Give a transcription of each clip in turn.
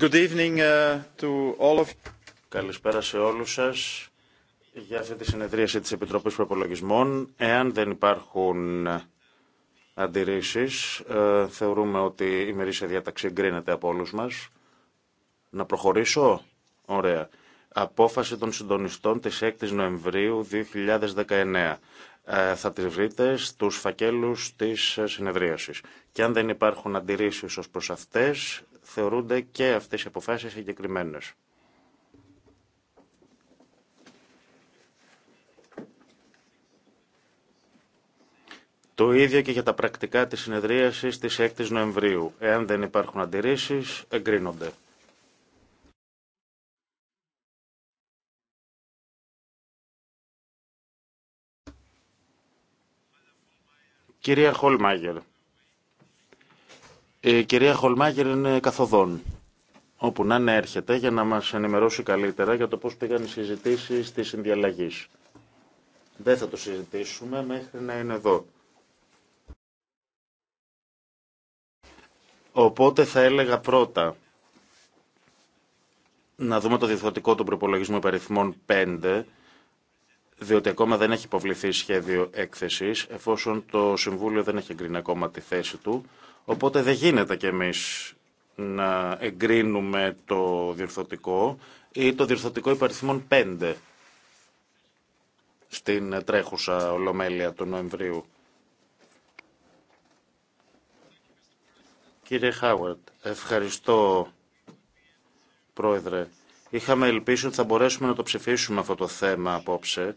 Good evening uh, to all of... Καλησπέρα σε όλους σας για αυτή τη συνεδρίαση της Επιτροπής Προπολογισμών. Εάν δεν υπάρχουν αντιρρήσεις, ε, θεωρούμε ότι η μερίσια διάταξη εγκρίνεται από όλους μας. Να προχωρήσω. Ωραία. Απόφαση των συντονιστών της 6ης Νοεμβρίου 2019 ε, θα τις βρείτε στους φακέλους της συνεδρίασης. Και αν δεν υπάρχουν αντιρρήσεις ως προς αυτές, θεωρούνται και αυτές οι αποφάσεις συγκεκριμένε. Το ίδιο και για τα πρακτικά της συνεδρίασης της 6ης Νοεμβρίου. Εάν δεν υπάρχουν αντιρρήσεις, εγκρίνονται. Κυρία Χολμάγερ, η κυρία Χολμάγερ είναι καθοδόν. Όπου να είναι έρχεται για να μας ενημερώσει καλύτερα για το πώς πήγαν οι συζητήσεις της συνδιαλλαγής. Δεν θα το συζητήσουμε μέχρι να είναι εδώ. Οπότε θα έλεγα πρώτα να δούμε το διευθυντικό του προπολογισμού υπεριθμών 5, διότι ακόμα δεν έχει υποβληθεί σχέδιο έκθεσης, εφόσον το Συμβούλιο δεν έχει εγκρίνει ακόμα τη θέση του. Οπότε δεν γίνεται κι εμείς να εγκρίνουμε το διορθωτικό ή το διορθωτικό υπαριθμών 5 στην τρέχουσα Ολομέλεια του Νοεμβρίου. Κύριε Χάουαρτ, ευχαριστώ Πρόεδρε. Είχαμε ελπίσει ότι θα μπορέσουμε να το ψηφίσουμε αυτό το θέμα απόψε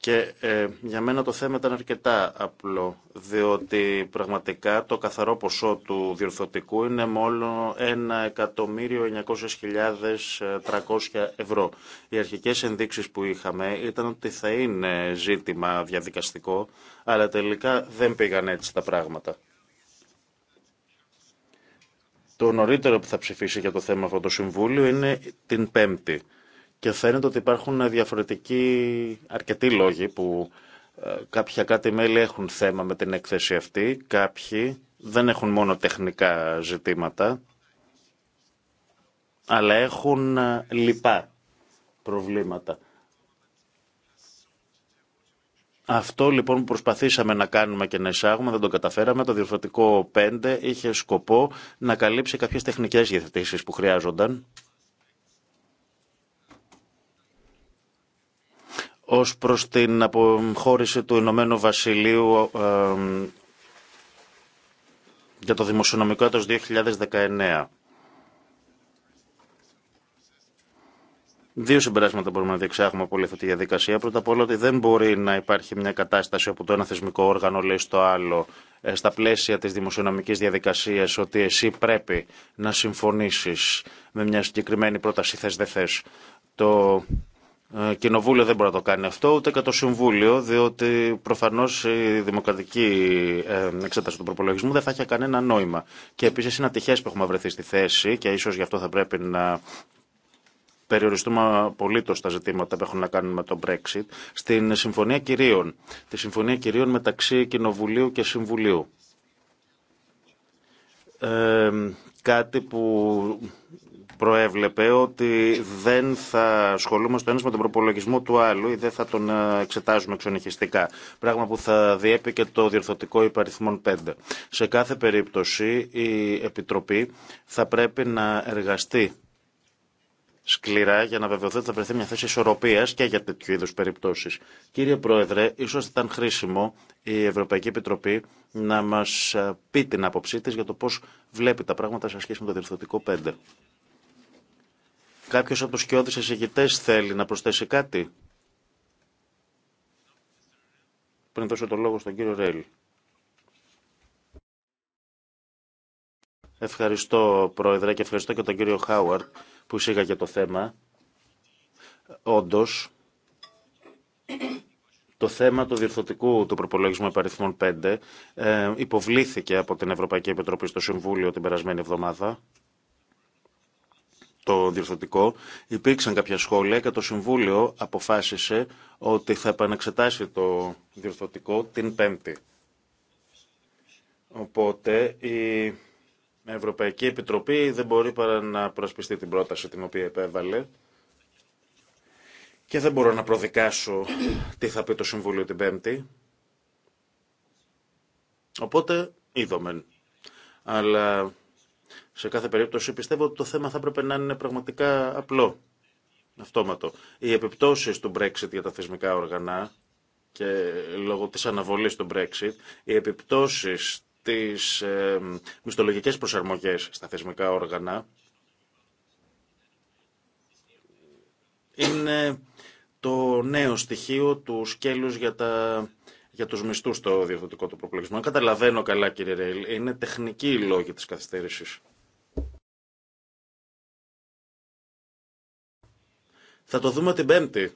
και ε, για μένα το θέμα ήταν αρκετά απλό, διότι πραγματικά το καθαρό ποσό του διορθωτικού είναι μόνο 1.900.300 ε, ευρώ. Οι αρχικές ενδείξεις που είχαμε ήταν ότι θα είναι ζήτημα διαδικαστικό, αλλά τελικά δεν πήγαν έτσι τα πράγματα. Το νωρίτερο που θα ψηφίσει για το θέμα αυτό το Συμβούλιο είναι την Πέμπτη. Και φαίνεται ότι υπάρχουν διαφορετικοί αρκετοί λόγοι που ε, κάποια κάτι μέλη έχουν θέμα με την έκθεση αυτή, κάποιοι δεν έχουν μόνο τεχνικά ζητήματα, αλλά έχουν ε, λοιπά προβλήματα. Αυτό λοιπόν που προσπαθήσαμε να κάνουμε και να εισάγουμε δεν το καταφέραμε. Το διορθωτικό 5 είχε σκοπό να καλύψει κάποιες τεχνικές διευθετήσεις που χρειάζονταν ως προς την αποχώρηση του Ηνωμένου Βασιλείου ε, για το δημοσιονομικό έτος 2019. Δύο συμπεράσματα μπορούμε να διεξάγουμε από όλη αυτή τη διαδικασία. Πρώτα απ' όλα ότι δεν μπορεί να υπάρχει μια κατάσταση όπου το ένα θεσμικό όργανο λέει στο άλλο ε, στα πλαίσια της δημοσιονομικής διαδικασίας ότι εσύ πρέπει να συμφωνήσεις με μια συγκεκριμένη πρόταση θες δεν θες. Το ε, κοινοβούλιο δεν μπορεί να το κάνει αυτό, ούτε και το συμβούλιο, διότι προφανώ η δημοκρατική ε, εξέταση του προπολογισμού δεν θα είχε κανένα νόημα. Και επίση είναι ατυχέ που έχουμε βρεθεί στη θέση και ίσω γι' αυτό θα πρέπει να περιοριστούμε απολύτω τα ζητήματα που έχουν να κάνουν με το Brexit, στην Συμφωνία Κυρίων. Τη Συμφωνία Κυρίων μεταξύ Κοινοβουλίου και Συμβουλίου. Ε, κάτι που προέβλεπε ότι δεν θα ασχολούμαστε ένα με τον προπολογισμό του άλλου ή δεν θα τον ε, εξετάζουμε ξενυχιστικά. Πράγμα που θα διέπει και το διορθωτικό υπαριθμών 5. Σε κάθε περίπτωση η Επιτροπή θα πρέπει να εργαστεί σκληρά για να βεβαιωθεί ότι θα βρεθεί μια θέση ισορροπία και για τέτοιου είδου περιπτώσει. Κύριε Πρόεδρε, ίσω ήταν χρήσιμο η Ευρωπαϊκή Επιτροπή να μα ε, πει την άποψή τη για το πώ βλέπει τα πράγματα σε σχέση με το διορθωτικό 5. Κάποιος από τους σκιώδεις εισηγητές θέλει να προσθέσει κάτι. Πριν δώσω το λόγο στον κύριο Ρέιλ. Ευχαριστώ, Πρόεδρε, και ευχαριστώ και τον κύριο Χάουαρτ που εισήγαγε το θέμα. Όντως, το θέμα του διορθωτικού του προπολογισμού επαριθμών 5 ε, υποβλήθηκε από την Ευρωπαϊκή Επιτροπή στο Συμβούλιο την περασμένη εβδομάδα το διορθωτικό υπήρξαν κάποια σχόλια και το Συμβούλιο αποφάσισε ότι θα επανεξετάσει το διορθωτικό την Πέμπτη. Οπότε η Ευρωπαϊκή Επιτροπή δεν μπορεί παρά να προσπιστεί την πρόταση την οποία επέβαλε και δεν μπορώ να προδικάσω τι θα πει το Συμβούλιο την Πέμπτη. Οπότε είδομεν. Αλλά σε κάθε περίπτωση πιστεύω ότι το θέμα θα έπρεπε να είναι πραγματικά απλό, αυτόματο. Οι επιπτώσεις του Brexit για τα θεσμικά όργανα και λόγω της αναβολής του Brexit, οι επιπτώσεις της ε, μισθολογικές προσαρμογές στα θεσμικά όργανα είναι το νέο στοιχείο του σκέλους για, τα, για τους μισθούς στο διευθυντικό του προπολογισμό. Καταλαβαίνω καλά κύριε Ρέιλ, είναι τεχνική η λόγη της καθυστέρησης. Θα το δούμε την Πέμπτη.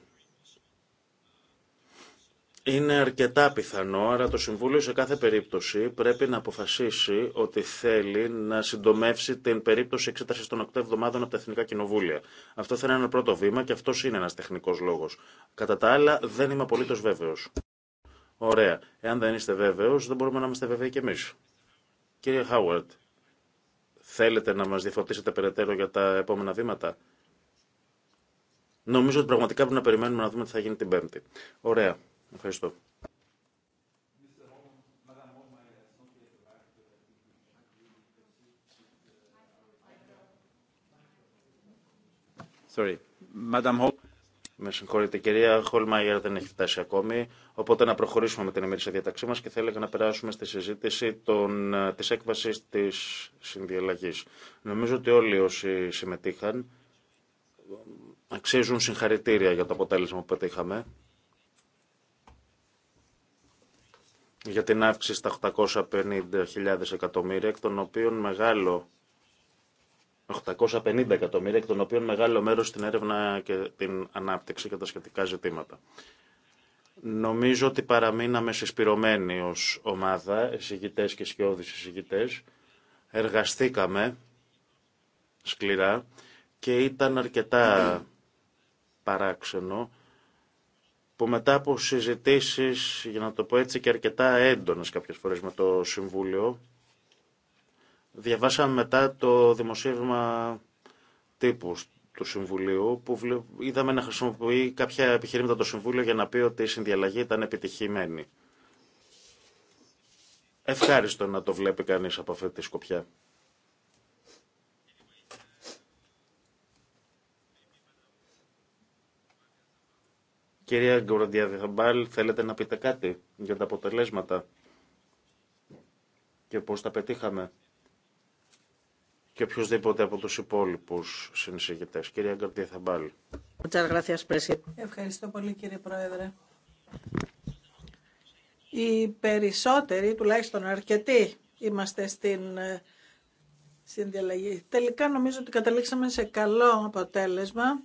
Είναι αρκετά πιθανό, άρα το Συμβούλιο σε κάθε περίπτωση πρέπει να αποφασίσει ότι θέλει να συντομεύσει την περίπτωση εξέταση των 8 εβδομάδων από τα Εθνικά Κοινοβούλια. Αυτό θα είναι ένα πρώτο βήμα και αυτό είναι ένα τεχνικό λόγο. Κατά τα άλλα, δεν είμαι απολύτω βέβαιο. Ωραία. Εάν δεν είστε βέβαιο, δεν μπορούμε να είμαστε βέβαιοι κι εμεί. Κύριε Χάουαρτ, θέλετε να μα διαφωτίσετε περαιτέρω για τα επόμενα βήματα. Νομίζω ότι πραγματικά πρέπει να περιμένουμε να δούμε τι θα γίνει την Πέμπτη. Ωραία. Ευχαριστώ. Sorry. Με συγχωρείτε, κυρία Χολμάγερ δεν έχει φτάσει ακόμη, οπότε να προχωρήσουμε με την εμερήσια διαταξή μας και θα έλεγα να περάσουμε στη συζήτηση των, ε, της έκβασης της συνδιαλλαγής. Νομίζω ότι όλοι όσοι συμμετείχαν Αξίζουν συγχαρητήρια για το αποτέλεσμα που πετύχαμε. για την αύξηση στα 850.000 εκατομμύρια, των οποίων μεγάλο 850 εκατομμύρια, εκ των οποίων μεγάλο μέρος στην έρευνα και την ανάπτυξη και τα σχετικά ζητήματα. Νομίζω ότι παραμείναμε συσπηρωμένοι ως ομάδα, εισηγητές και σκιώδης εισηγητές. Εργαστήκαμε σκληρά και ήταν αρκετά παράξενο που μετά από συζητήσεις, για να το πω έτσι και αρκετά έντονες κάποιες φορές με το Συμβούλιο, διαβάσαμε μετά το δημοσίευμα τύπου του Συμβουλίου, που είδαμε να χρησιμοποιεί κάποια επιχειρήματα το Συμβούλιο για να πει ότι η συνδιαλλαγή ήταν επιτυχημένη. Ευχάριστο να το βλέπει κανείς από αυτή τη σκοπιά. Κυρία Γκοροντιαδεχαμπάλ, θέλετε να πείτε κάτι για τα αποτελέσματα και πώς τα πετύχαμε και οποιοδήποτε από τους υπόλοιπους συνεισηγητές. Κυρία Γκοροντιαδεχαμπάλ. Ευχαριστώ πολύ κύριε Πρόεδρε. Οι περισσότεροι, τουλάχιστον αρκετοί, είμαστε στην ε, συνδιαλλαγή. Τελικά νομίζω ότι καταλήξαμε σε καλό αποτέλεσμα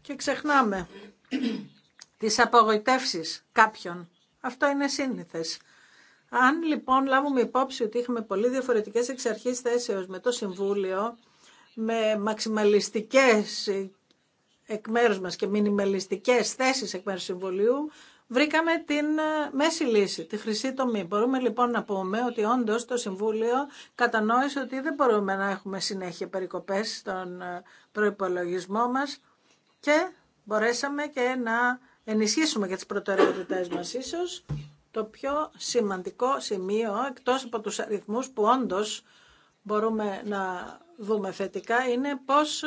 και ξεχνάμε τις απογοητεύσεις κάποιων. Αυτό είναι σύνηθες. Αν λοιπόν λάβουμε υπόψη ότι είχαμε πολύ διαφορετικές εξ αρχής θέσεως με το Συμβούλιο, με μαξιμαλιστικές εκ μέρους μας και μινιμαλιστικές θέσεις εκ μέρους Συμβουλίου, βρήκαμε την ε, μέση λύση, τη χρυσή τομή. Μπορούμε λοιπόν να πούμε ότι όντως το Συμβούλιο κατανόησε ότι δεν μπορούμε να έχουμε συνέχεια περικοπές στον ε, προϋπολογισμό μας και μπορέσαμε και να ενισχύσουμε για τις προτεραιότητές μας ίσως το πιο σημαντικό σημείο εκτός από τους αριθμούς που όντως μπορούμε να δούμε θετικά είναι πως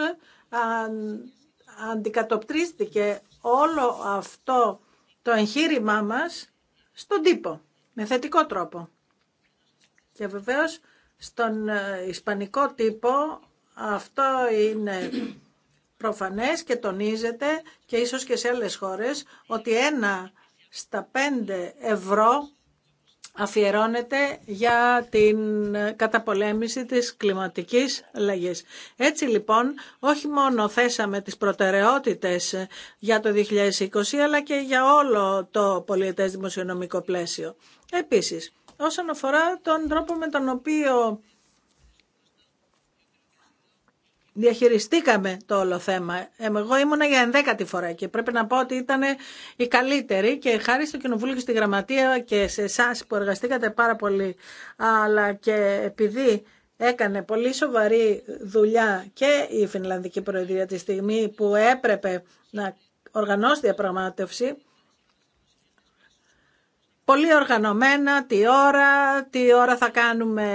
αντικατοπτρίστηκε όλο αυτό το εγχείρημά μας στον τύπο, με θετικό τρόπο. Και βεβαίως στον ε, ισπανικό τύπο αυτό είναι προφανές και τονίζεται και ίσως και σε άλλες χώρες ότι ένα στα πέντε ευρώ αφιερώνεται για την καταπολέμηση της κλιματικής αλλαγής. Έτσι λοιπόν, όχι μόνο θέσαμε τις προτεραιότητες για το 2020, αλλά και για όλο το πολιετές δημοσιονομικό πλαίσιο. Επίσης, όσον αφορά τον τρόπο με τον οποίο διαχειριστήκαμε το όλο θέμα. Ε, εγώ ήμουνα για ενδέκατη φορά και πρέπει να πω ότι ήταν η καλύτερη και χάρη στο Κοινοβούλιο και στη Γραμματεία και σε εσά που εργαστήκατε πάρα πολύ, αλλά και επειδή έκανε πολύ σοβαρή δουλειά και η Φινλανδική Προεδρία τη στιγμή που έπρεπε να οργανώσει διαπραγμάτευση, πολύ οργανωμένα τι ώρα, τι ώρα θα κάνουμε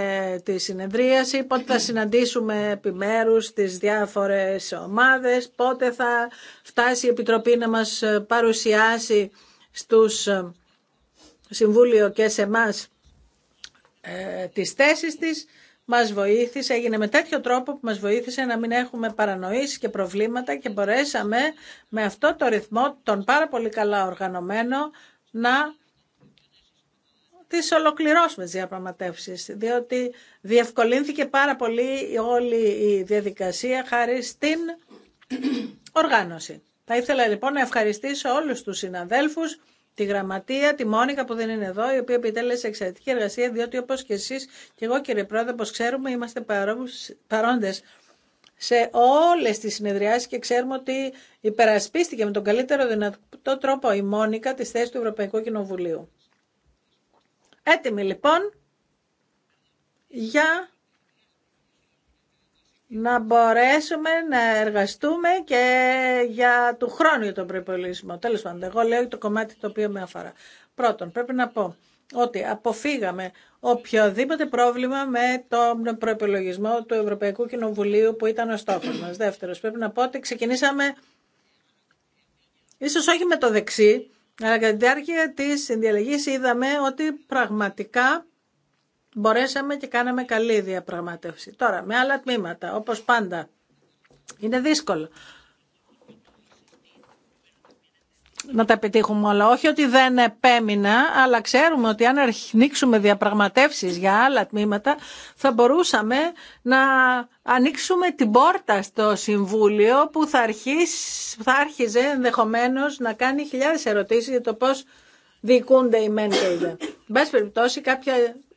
τη συνεδρίαση, πότε θα συναντήσουμε επιμέρους τις διάφορες ομάδες, πότε θα φτάσει η Επιτροπή να μας παρουσιάσει στους ε, Συμβούλιο και σε εμά ε, τις θέσεις της, μας βοήθησε, έγινε με τέτοιο τρόπο που μας βοήθησε να μην έχουμε παρανοήσεις και προβλήματα και μπορέσαμε με αυτό το ρυθμό, τον πάρα πολύ καλά οργανωμένο, να τις ολοκληρώσουμε τις διαπραγματεύσεις, διότι διευκολύνθηκε πάρα πολύ όλη η διαδικασία χάρη στην οργάνωση. Θα ήθελα λοιπόν να ευχαριστήσω όλους τους συναδέλφους, τη Γραμματεία, τη Μόνικα που δεν είναι εδώ, η οποία επιτέλεσε εξαιρετική εργασία, διότι όπως και εσείς και εγώ κύριε Πρόεδρε, όπως ξέρουμε είμαστε παρόντες σε όλες τις συνεδριάσεις και ξέρουμε ότι υπερασπίστηκε με τον καλύτερο δυνατό τρόπο η Μόνικα τη θέση του Ευρωπαϊκού Κοινοβουλίου. Έτοιμοι λοιπόν για να μπορέσουμε να εργαστούμε και για του χρόνου για τον προπολογισμό. Τέλο πάντων, εγώ λέω το κομμάτι το οποίο με αφορά. Πρώτον, πρέπει να πω ότι αποφύγαμε οποιοδήποτε πρόβλημα με τον προπολογισμό του Ευρωπαϊκού Κοινοβουλίου που ήταν ο στόχος μας. Δεύτερος, πρέπει να πω ότι ξεκινήσαμε, ίσως όχι με το δεξί, αλλά κατά τη διάρκεια της συνδιαλεγής είδαμε ότι πραγματικά μπορέσαμε και κάναμε καλή διαπραγμάτευση. Τώρα, με άλλα τμήματα, όπως πάντα, είναι δύσκολο να τα πετύχουμε όλα. Όχι ότι δεν επέμεινα, αλλά ξέρουμε ότι αν ανοίξουμε διαπραγματεύσεις για άλλα τμήματα, θα μπορούσαμε να ανοίξουμε την πόρτα στο Συμβούλιο που θα, αρχίσει, θα άρχιζε ενδεχομένω να κάνει χιλιάδες ερωτήσεις για το πώς διοικούνται οι μεν και οι δε. Μπες περιπτώσει κάποια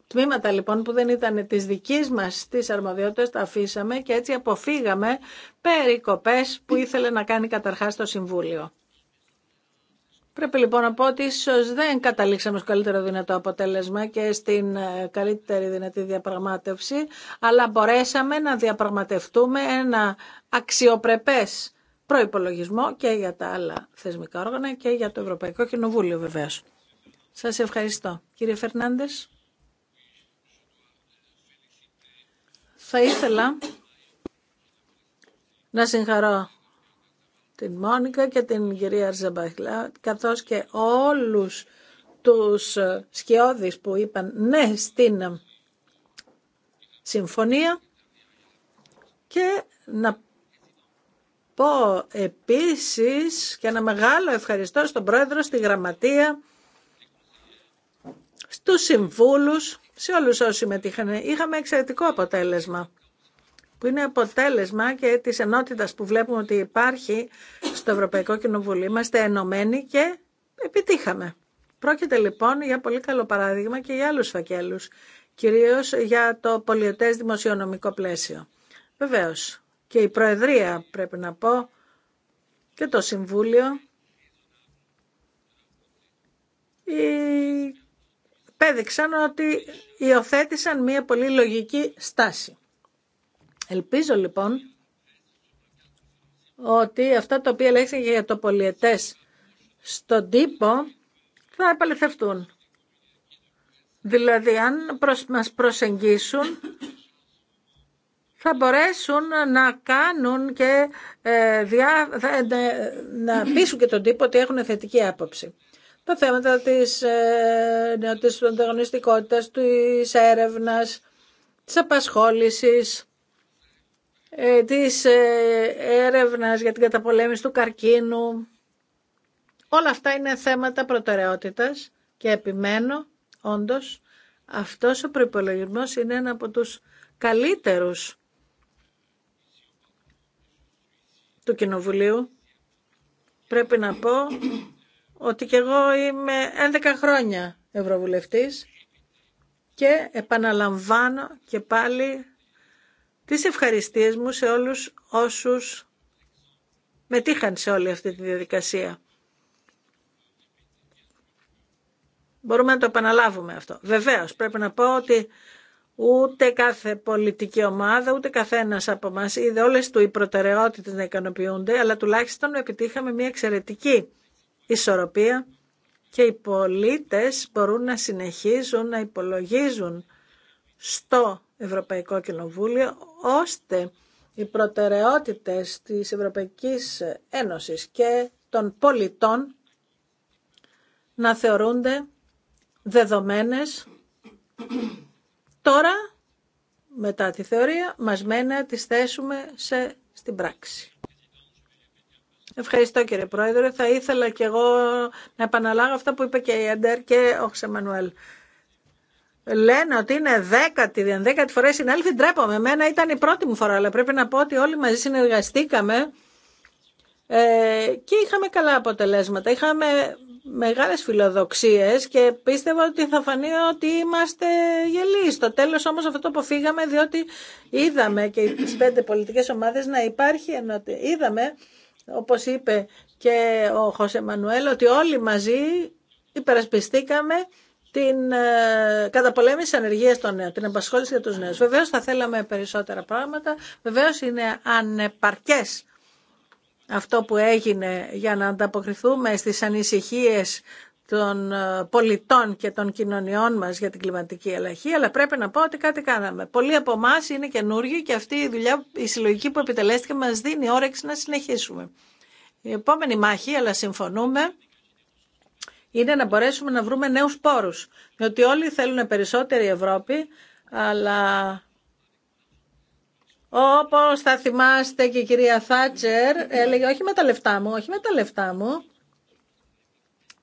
τμήματα λοιπόν που δεν ήταν της δικής μας της αρμοδιότητας τα αφήσαμε και έτσι αποφύγαμε περικοπές που ήθελε να κάνει καταρχά το Συμβούλιο. Πρέπει λοιπόν να πω ότι ίσω δεν καταλήξαμε στο καλύτερο δυνατό αποτέλεσμα και στην ε, καλύτερη δυνατή διαπραγμάτευση, αλλά μπορέσαμε να διαπραγματευτούμε ένα αξιοπρεπές προϋπολογισμό και για τα άλλα θεσμικά όργανα και για το Ευρωπαϊκό Κοινοβούλιο βεβαίω. Σας ευχαριστώ. Κύριε Φερνάντες. Θα ήθελα να συγχαρώ την Μόνικα και την κυρία Ρζαμπαχλά, καθώς και όλους τους ε, σκιώδεις που είπαν ναι στην ε, συμφωνία και να πω επίσης και ένα μεγάλο ευχαριστώ στον πρόεδρο, στη γραμματεία, στους συμβούλους, σε όλους όσοι συμμετείχαν. Είχαμε εξαιρετικό αποτέλεσμα που είναι αποτέλεσμα και της ενότητας που βλέπουμε ότι υπάρχει στο Ευρωπαϊκό Κοινοβούλιο. Είμαστε ενωμένοι και επιτύχαμε. Πρόκειται λοιπόν για πολύ καλό παράδειγμα και για άλλους φακέλους, κυρίως για το πολιωτές δημοσιονομικό πλαίσιο. Βεβαίως και η Προεδρία πρέπει να πω και το Συμβούλιο πέδειξαν ότι υιοθέτησαν μια πολύ λογική στάση. Ελπίζω λοιπόν ότι αυτά τα οποία λέξαμε για το πολιετές στον τύπο θα επαληθευτούν. Δηλαδή αν προς, μας προσεγγίσουν θα μπορέσουν να κάνουν και ε, διά, να πείσουν και τον τύπο ότι έχουν θετική άποψη. Τα θέματα της, ε, της ανταγωνιστικότητας, της έρευνας, της απασχόλησης, ε, της ε, έρευνας για την καταπολέμηση του καρκίνου. Όλα αυτά είναι θέματα προτεραιότητας και επιμένω όντως αυτός ο προϋπολογισμός είναι ένα από τους καλύτερους του Κοινοβουλίου. Πρέπει να πω ότι και εγώ είμαι 11 χρόνια Ευρωβουλευτής και επαναλαμβάνω και πάλι τις ευχαριστίες μου σε όλους όσους μετήχαν σε όλη αυτή τη διαδικασία. Μπορούμε να το επαναλάβουμε αυτό. Βεβαίως, πρέπει να πω ότι ούτε κάθε πολιτική ομάδα, ούτε καθένας από μας είδε όλες του οι προτεραιότητες να ικανοποιούνται, αλλά τουλάχιστον επιτύχαμε μια εξαιρετική ισορροπία και οι πολίτες μπορούν να συνεχίζουν να υπολογίζουν στο Ευρωπαϊκό Κοινοβούλιο, ώστε οι προτεραιότητες της Ευρωπαϊκής Ένωσης και των πολιτών να θεωρούνται δεδομένες τώρα μετά τη θεωρία μας μένει να τις θέσουμε σε, στην πράξη. Ευχαριστώ κύριε Πρόεδρε. Θα ήθελα και εγώ να επαναλάβω αυτά που είπε και η Αντέρ και ο Ξεμανουέλ λένε ότι είναι δέκατη, δεκατη φορά συνάδελφοι, ντρέπομαι. Εμένα ήταν η πρώτη μου φορά, αλλά πρέπει να πω ότι όλοι μαζί συνεργαστήκαμε ε, και είχαμε καλά αποτελέσματα. Είχαμε μεγάλες φιλοδοξίες και πίστευα ότι θα φανεί ότι είμαστε γελοί. Στο τέλος όμως αυτό το αποφύγαμε διότι είδαμε και τις πέντε πολιτικές ομάδες να υπάρχει ενότητα. Είδαμε, όπως είπε και ο Χωσέ Μανουέλ, ότι όλοι μαζί υπερασπιστήκαμε την ε, καταπολέμηση ανεργία των νέων, την απασχόληση για τους νέους. Βεβαίως θα θέλαμε περισσότερα πράγματα, βεβαίως είναι ανεπαρκές αυτό που έγινε για να ανταποκριθούμε στις ανησυχίες των ε, πολιτών και των κοινωνιών μας για την κλιματική αλλαγή, αλλά πρέπει να πω ότι κάτι κάναμε. Πολλοί από εμά είναι καινούργοι και αυτή η δουλειά, η συλλογική που επιτελέστηκε μας δίνει όρεξη να συνεχίσουμε. Η επόμενη μάχη, αλλά συμφωνούμε, είναι να μπορέσουμε να βρούμε νέους πόρους. Διότι όλοι θέλουν περισσότερη Ευρώπη, αλλά όπως θα θυμάστε και η κυρία Θάτσερ έλεγε όχι με τα λεφτά μου, όχι με τα λεφτά μου.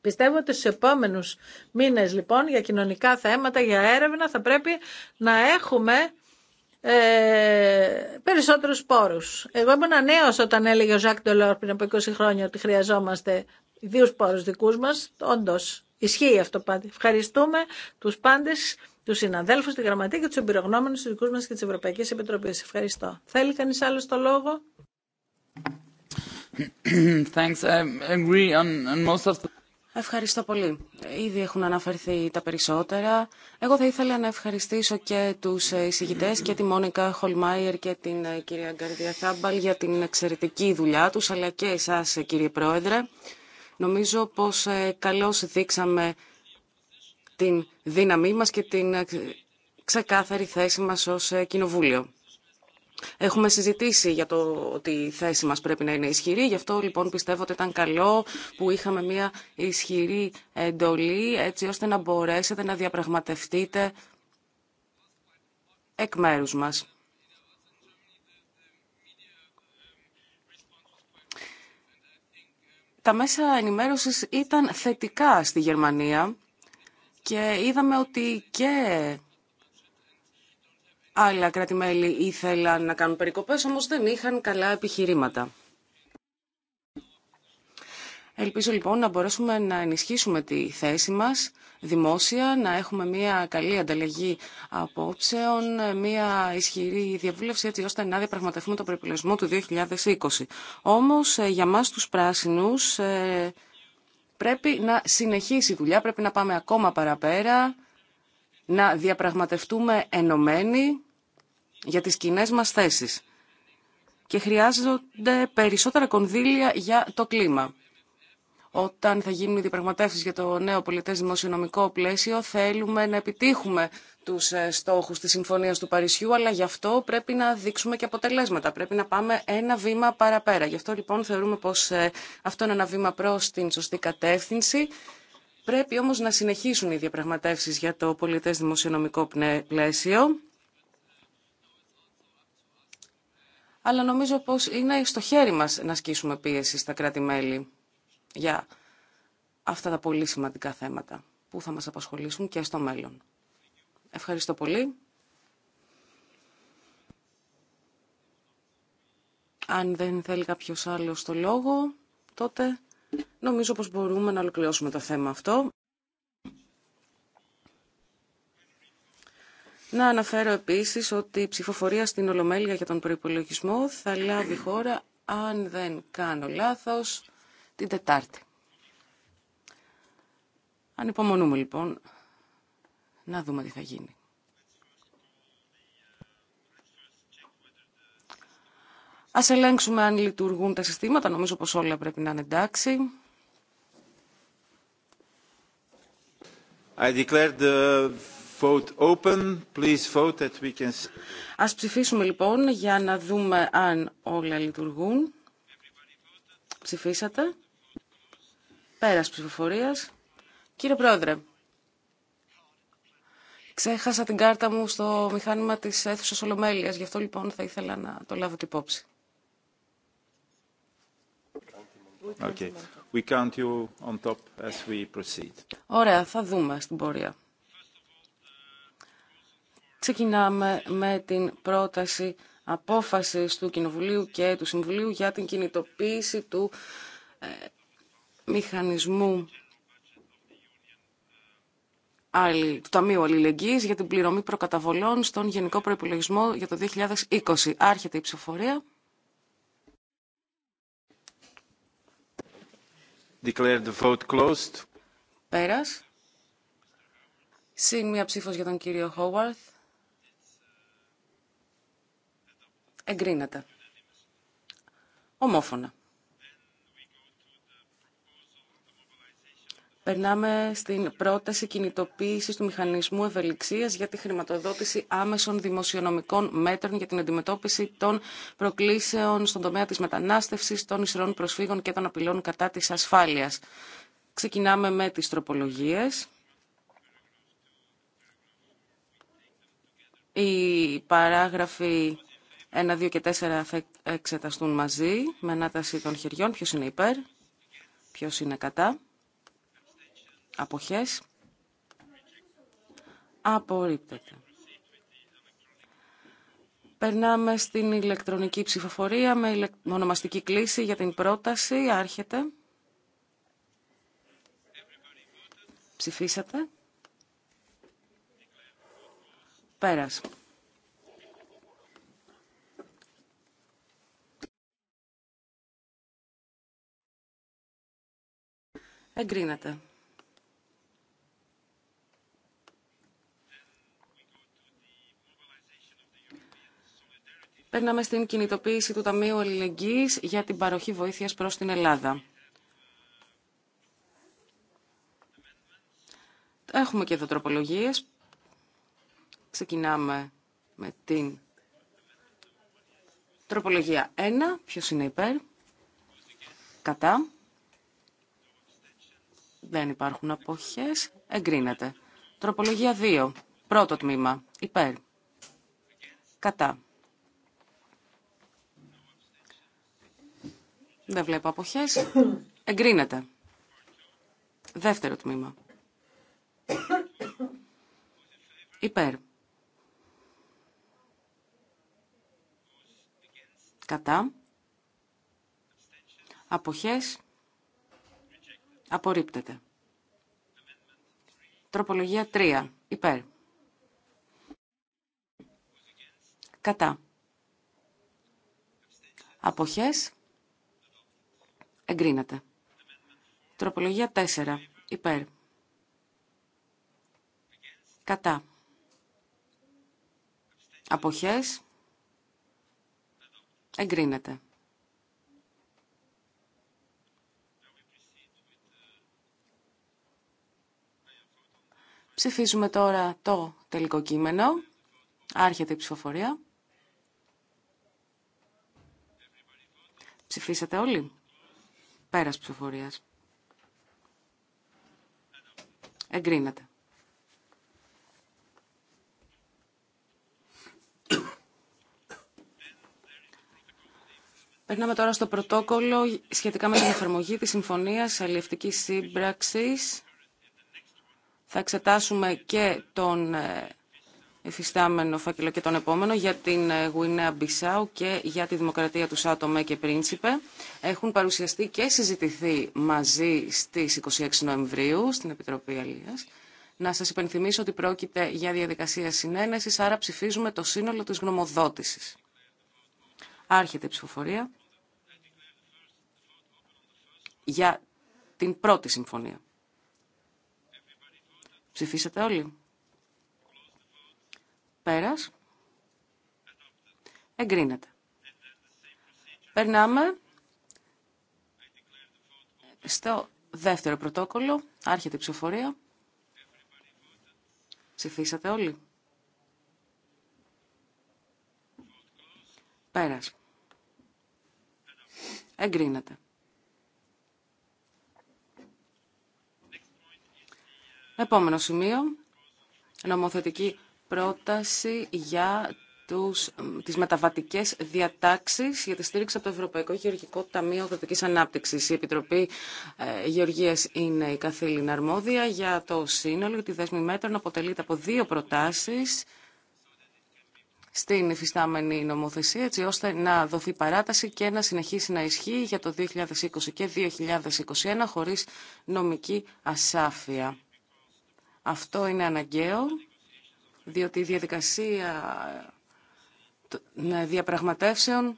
Πιστεύω ότι στους επόμενους μήνες λοιπόν για κοινωνικά θέματα, για έρευνα θα πρέπει να έχουμε ε, περισσότερους πόρους. Εγώ ήμουν νέος όταν έλεγε ο Ζακ Ντολόρ πριν από 20 χρόνια ότι χρειαζόμαστε δύο σπόρους δικούς μας, όντως ισχύει αυτό πάντα. Ευχαριστούμε τους πάντες, τους συναδέλφους, τη γραμματεία και τους εμπειρογνώμενους δικούς μας και της Ευρωπαϊκής Επιτροπής. Ευχαριστώ. Θέλει κανείς άλλο το λόγο? Ευχαριστώ πολύ. Ήδη έχουν αναφερθεί τα περισσότερα. Εγώ θα ήθελα να ευχαριστήσω και τους εισηγητές και τη Μόνικα Χολμάιερ και την ε, κυρία Γκαρδία Θάμπαλ για την εξαιρετική δουλειά τους, αλλά και εσά, ε, κύριε Πρόεδρε. Νομίζω πως ε, καλώς δείξαμε την δύναμή μας και την ε, ξεκάθαρη θέση μας ως ε, Κοινοβούλιο. Έχουμε συζητήσει για το ότι η θέση μας πρέπει να είναι ισχυρή, γι' αυτό λοιπόν πιστεύω ότι ήταν καλό που είχαμε μια ισχυρή εντολή έτσι ώστε να μπορέσετε να διαπραγματευτείτε εκ μέρους μας. τα μέσα ενημέρωσης ήταν θετικά στη Γερμανία και είδαμε ότι και άλλα κράτη-μέλη ήθελαν να κάνουν περικοπές, όμως δεν είχαν καλά επιχειρήματα. Ελπίζω λοιπόν να μπορέσουμε να ενισχύσουμε τη θέση μας δημόσια, να έχουμε μια καλή ανταλλαγή απόψεων, μια ισχυρή διαβούλευση έτσι ώστε να διαπραγματευτούμε το προεπιλεσμό του 2020. Όμως ε, για μας τους πράσινους ε, πρέπει να συνεχίσει η δουλειά, πρέπει να πάμε ακόμα παραπέρα, να διαπραγματευτούμε ενωμένοι για τις κοινέ μας θέσεις. Και χρειάζονται περισσότερα κονδύλια για το κλίμα όταν θα γίνουν οι διαπραγματεύσεις για το νέο πολιτές δημοσιονομικό πλαίσιο, θέλουμε να επιτύχουμε τους ε, στόχους της Συμφωνίας του Παρισιού, αλλά γι' αυτό πρέπει να δείξουμε και αποτελέσματα. Πρέπει να πάμε ένα βήμα παραπέρα. Γι' αυτό λοιπόν θεωρούμε πως ε, αυτό είναι ένα βήμα προς την σωστή κατεύθυνση. Πρέπει όμως να συνεχίσουν οι διαπραγματεύσεις για το πολιτές δημοσιονομικό πλαίσιο. Αλλά νομίζω πως είναι στο χέρι μας να ασκήσουμε πίεση στα κράτη-μέλη για αυτά τα πολύ σημαντικά θέματα που θα μας απασχολήσουν και στο μέλλον. Ευχαριστώ πολύ. Αν δεν θέλει κάποιος άλλος το λόγο, τότε νομίζω πως μπορούμε να ολοκληρώσουμε το θέμα αυτό. Να αναφέρω επίσης ότι η ψηφοφορία στην Ολομέλεια για τον προϋπολογισμό θα λάβει χώρα, αν δεν κάνω λάθος, την Τετάρτη. υπομονούμε λοιπόν να δούμε τι θα γίνει. Ας ελέγξουμε αν λειτουργούν τα συστήματα. Νομίζω πως όλα πρέπει να είναι εντάξει. I the vote open. Please vote that we can... Ας ψηφίσουμε λοιπόν για να δούμε αν όλα λειτουργούν. Ψηφίσατε. Πέρας ψηφοφορίας. Κύριε Πρόεδρε, ξέχασα την κάρτα μου στο μηχάνημα της αίθουσας Ολομέλειας, γι' αυτό λοιπόν θα ήθελα να το λάβω την υπόψη. Okay. We count you on top as we proceed. Ωραία, θα δούμε στην πορεία. Ξεκινάμε με την πρόταση απόφασης του Κοινοβουλίου και του Συμβουλίου για την κινητοποίηση του ε, μηχανισμού του Ταμείου Αλληλεγγύης για την πληρωμή προκαταβολών στον Γενικό Προϋπολογισμό για το 2020. Άρχεται η ψηφοφορία. Declare the vote closed. Πέρας. Συν μία ψήφος για τον κύριο Χόουαρθ. Εγκρίνεται. Ομόφωνα. Περνάμε στην πρόταση κινητοποίησης του μηχανισμού ευελιξίας για τη χρηματοδότηση άμεσων δημοσιονομικών μέτρων για την αντιμετώπιση των προκλήσεων στον τομέα της μετανάστευσης, των ισρών προσφύγων και των απειλών κατά της ασφάλειας. Ξεκινάμε με τις τροπολογίες. Οι παράγραφοι 1, 2 και 4 θα εξεταστούν μαζί με ανάταση των χεριών. Ποιο είναι υπέρ, ποιο είναι κατά. Αποχές. Απορρίπτεται. Περνάμε στην ηλεκτρονική ψηφοφορία με ονομαστική κλίση για την πρόταση. Άρχεται. Ψηφίσατε. Πέρας. Εγκρίνεται. Περνάμε στην κινητοποίηση του Ταμείου Αλληλεγγύης για την παροχή βοήθειας προς την Ελλάδα. Έχουμε και εδώ τροπολογίες. Ξεκινάμε με την τροπολογία 1. Ποιος είναι υπέρ. Κατά. Δεν υπάρχουν αποχές. Εγκρίνεται. Τροπολογία 2. Πρώτο τμήμα. Υπέρ. Κατά. Δεν βλέπω αποχές. Εγκρίνεται. Δεύτερο τμήμα. Υπέρ. Κατά. Αποχές. Απορρίπτεται. Τροπολογία 3. Υπέρ. Κατά. Αποχές. Εγκρίνεται. Τροπολογία 4. Υπέρ. Κατά. Αποχές. Εγκρίνεται. Ψηφίζουμε τώρα το τελικό κείμενο. Άρχεται η ψηφοφορία. Ψηφίσατε όλοι. Πέρας ψηφοφορίας. Εγκρίνεται. Περνάμε τώρα στο πρωτόκολλο σχετικά με την εφαρμογή της Συμφωνίας Αλληλευτικής Σύμπραξης. Θα εξετάσουμε και τον ε, εφιστάμενο φάκελο και τον επόμενο για την ε, Γουινέα Μπισάου και για τη δημοκρατία του Σάτομε και Πρίνσιπε. Έχουν παρουσιαστεί και συζητηθεί μαζί στις 26 Νοεμβρίου στην Επιτροπή Αλία. Να σας υπενθυμίσω ότι πρόκειται για διαδικασία συνένεσης, άρα ψηφίζουμε το σύνολο της γνωμοδότησης. Άρχεται η ψηφοφορία για την πρώτη συμφωνία. Ψηφίσατε όλοι. Πέρας. Εγκρίνεται. Περνάμε στο δεύτερο πρωτόκολλο. Άρχεται η ψηφοφορία. Ψηφίσατε όλοι. Πέρας. Εγκρίνεται. Επόμενο σημείο. Νομοθετική πρόταση για τους, τις μεταβατικές διατάξεις για τη στήριξη από το Ευρωπαϊκό Γεωργικό Ταμείο Δοτική Ανάπτυξης. Η Επιτροπή ε, Γεωργίας είναι η καθήλυνα αρμόδια για το σύνολο. Τη δέσμη μέτρων αποτελείται από δύο προτάσεις στην υφιστάμενη νομοθεσία, έτσι ώστε να δοθεί παράταση και να συνεχίσει να ισχύει για το 2020 και 2021 χωρίς νομική ασάφεια. Αυτό είναι αναγκαίο διότι η διαδικασία ναι, διαπραγματεύσεων,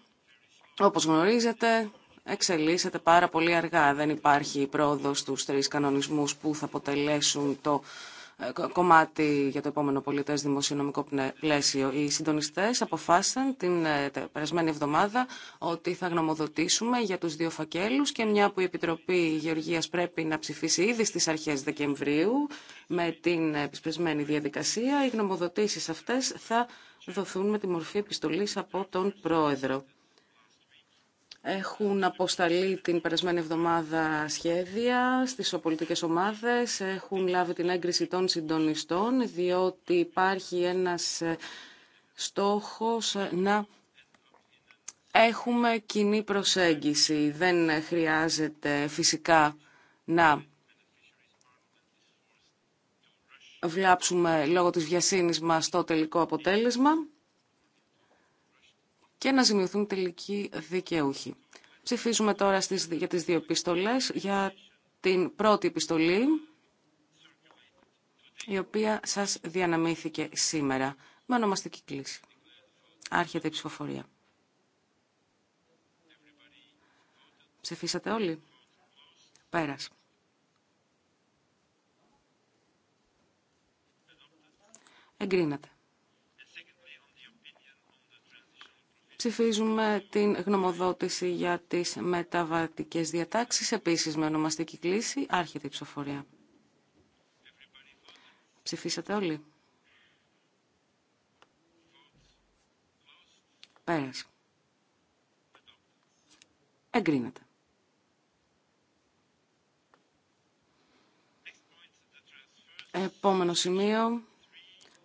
όπως γνωρίζετε, εξελίσσεται πάρα πολύ αργά. Δεν υπάρχει πρόοδος στους τρεις κανονισμούς που θα αποτελέσουν το ε, κομμάτι για το επόμενο πολιτές δημοσιονομικό πλαίσιο. Οι συντονιστές αποφάσισαν την ε, περασμένη εβδομάδα ότι θα γνωμοδοτήσουμε για τους δύο φακέλους και μια που η Επιτροπή Γεωργίας πρέπει να ψηφίσει ήδη στις αρχές Δεκεμβρίου με την επισπεσμένη διαδικασία, οι γνωμοδοτήσεις αυτές θα δοθούν με τη μορφή επιστολής από τον Πρόεδρο. Έχουν αποσταλεί την περασμένη εβδομάδα σχέδια στις πολιτικές ομάδες, έχουν λάβει την έγκριση των συντονιστών, διότι υπάρχει ένας ε, στόχος ε, να έχουμε κοινή προσέγγιση. Δεν χρειάζεται φυσικά να βλάψουμε λόγω της βιασύνης μας το τελικό αποτέλεσμα και να ζημιωθούν τελικοί δικαιούχοι. Ψηφίζουμε τώρα στις, για τις δύο επιστολές. Για την πρώτη επιστολή, η οποία σας διαναμήθηκε σήμερα με ονομαστική κλίση. Άρχεται η ψηφοφορία. Ψηφίσατε όλοι. Πέρας. Εγκρίνατε. Ψηφίζουμε την γνωμοδότηση για τις μεταβατικές διατάξεις, επίσης με ονομαστική κλίση, άρχεται η ψηφοφορία. Ψηφίσατε όλοι. Πέρασε. Εγκρίνεται. Επόμενο σημείο,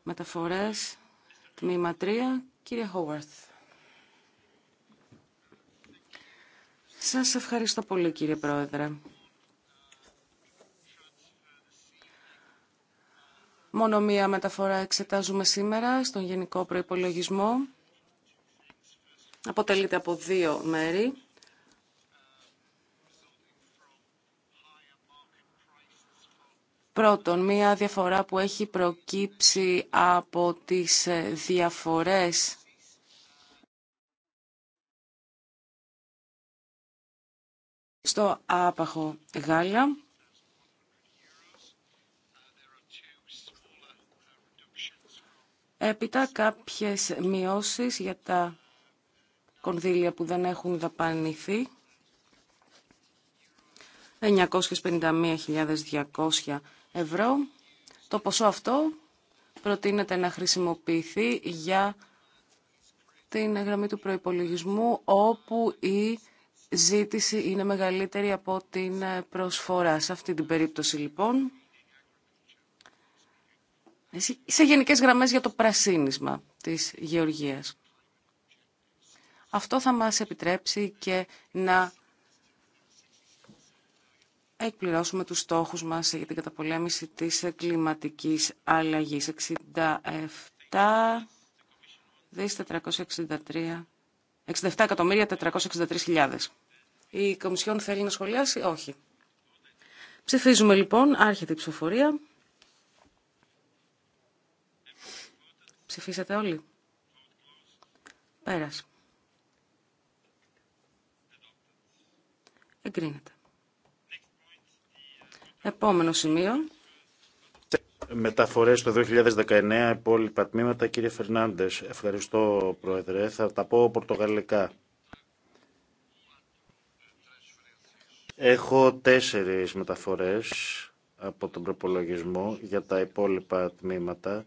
μεταφορές, τμήμα 3, κύριε Χόουαρθ. Σας ευχαριστώ πολύ κύριε Πρόεδρε. Μόνο μία μεταφορά εξετάζουμε σήμερα στον Γενικό Προϋπολογισμό. Αποτελείται από δύο μέρη. Πρώτον, μία διαφορά που έχει προκύψει από τις διαφορές στο άπαχο γάλα. Έπειτα κάποιες μειώσεις για τα κονδύλια που δεν έχουν δαπανηθεί. 951.200 ευρώ. Το ποσό αυτό προτείνεται να χρησιμοποιηθεί για την γραμμή του προϋπολογισμού όπου η ζήτηση είναι μεγαλύτερη από την ε, προσφορά. Σε αυτή την περίπτωση λοιπόν, σε γενικές γραμμές για το πρασίνισμα της γεωργίας. Αυτό θα μας επιτρέψει και να εκπληρώσουμε τους στόχους μας για την καταπολέμηση της κλιματικής αλλαγής. 67 463 67.463.000. Η Κομισιόν θέλει να σχολιάσει, όχι. Ψηφίζουμε λοιπόν, άρχεται η ψηφοφορία. Ψηφίσατε όλοι. Πέρασε. Εγκρίνεται. Επόμενο σημείο μεταφορέ το 2019, υπόλοιπα τμήματα. Κύριε Φερνάντε, ευχαριστώ, Πρόεδρε. Θα τα πω πορτογαλικά. Έχω τέσσερις μεταφορές από τον προπολογισμό για τα υπόλοιπα τμήματα.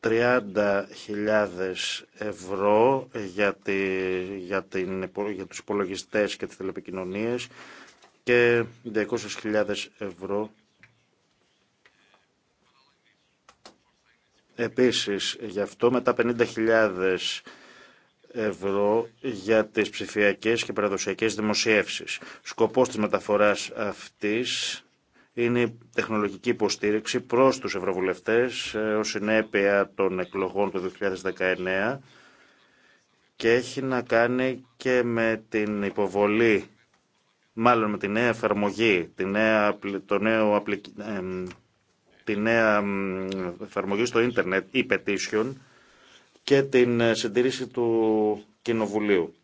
30.000 ευρώ για, τη, για, την, για τους υπολογιστές και τις τηλεπικοινωνίες, και 200.000 ευρώ επίσης γι' αυτό μετά 50.000 ευρώ για τις ψηφιακές και παραδοσιακές δημοσιεύσεις. Σκοπός της μεταφοράς αυτής είναι η τεχνολογική υποστήριξη προς τους ευρωβουλευτές ε, ως συνέπεια των εκλογών του 2019 και έχει να κάνει και με την υποβολή μάλλον με τη νέα εφαρμογή, τη νέα, το νέο εφαρμογή στο ίντερνετ ή petition και την ε, συντήρηση του Κοινοβουλίου.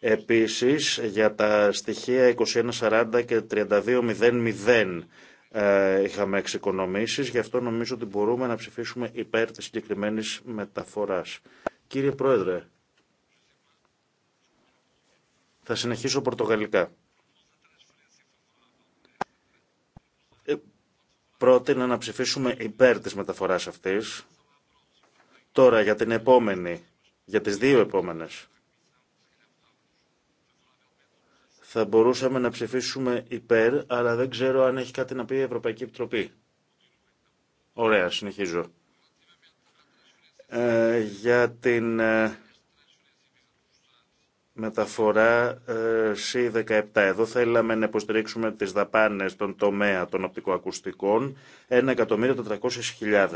Επίσης, για τα στοιχεία 2140 και 3200 ε, είχαμε εξοικονομήσεις, γι' αυτό νομίζω ότι μπορούμε να ψηφίσουμε υπέρ της συγκεκριμένης μεταφοράς. Κύριε Πρόεδρε, θα συνεχίσω πορτογαλικά. Ε, πρότεινα να ψηφίσουμε υπέρ της μεταφοράς αυτής. Τώρα για την επόμενη, για τις δύο επόμενες. Θα μπορούσαμε να ψηφίσουμε υπέρ, αλλά δεν ξέρω αν έχει κάτι να πει η Ευρωπαϊκή Επιτροπή. Ωραία, συνεχίζω. Ε, για την ε, Μεταφορά ε, C17. Εδώ θέλαμε να υποστηρίξουμε τις δαπάνες των τομέα των οπτικοακουστικών 1.400.000.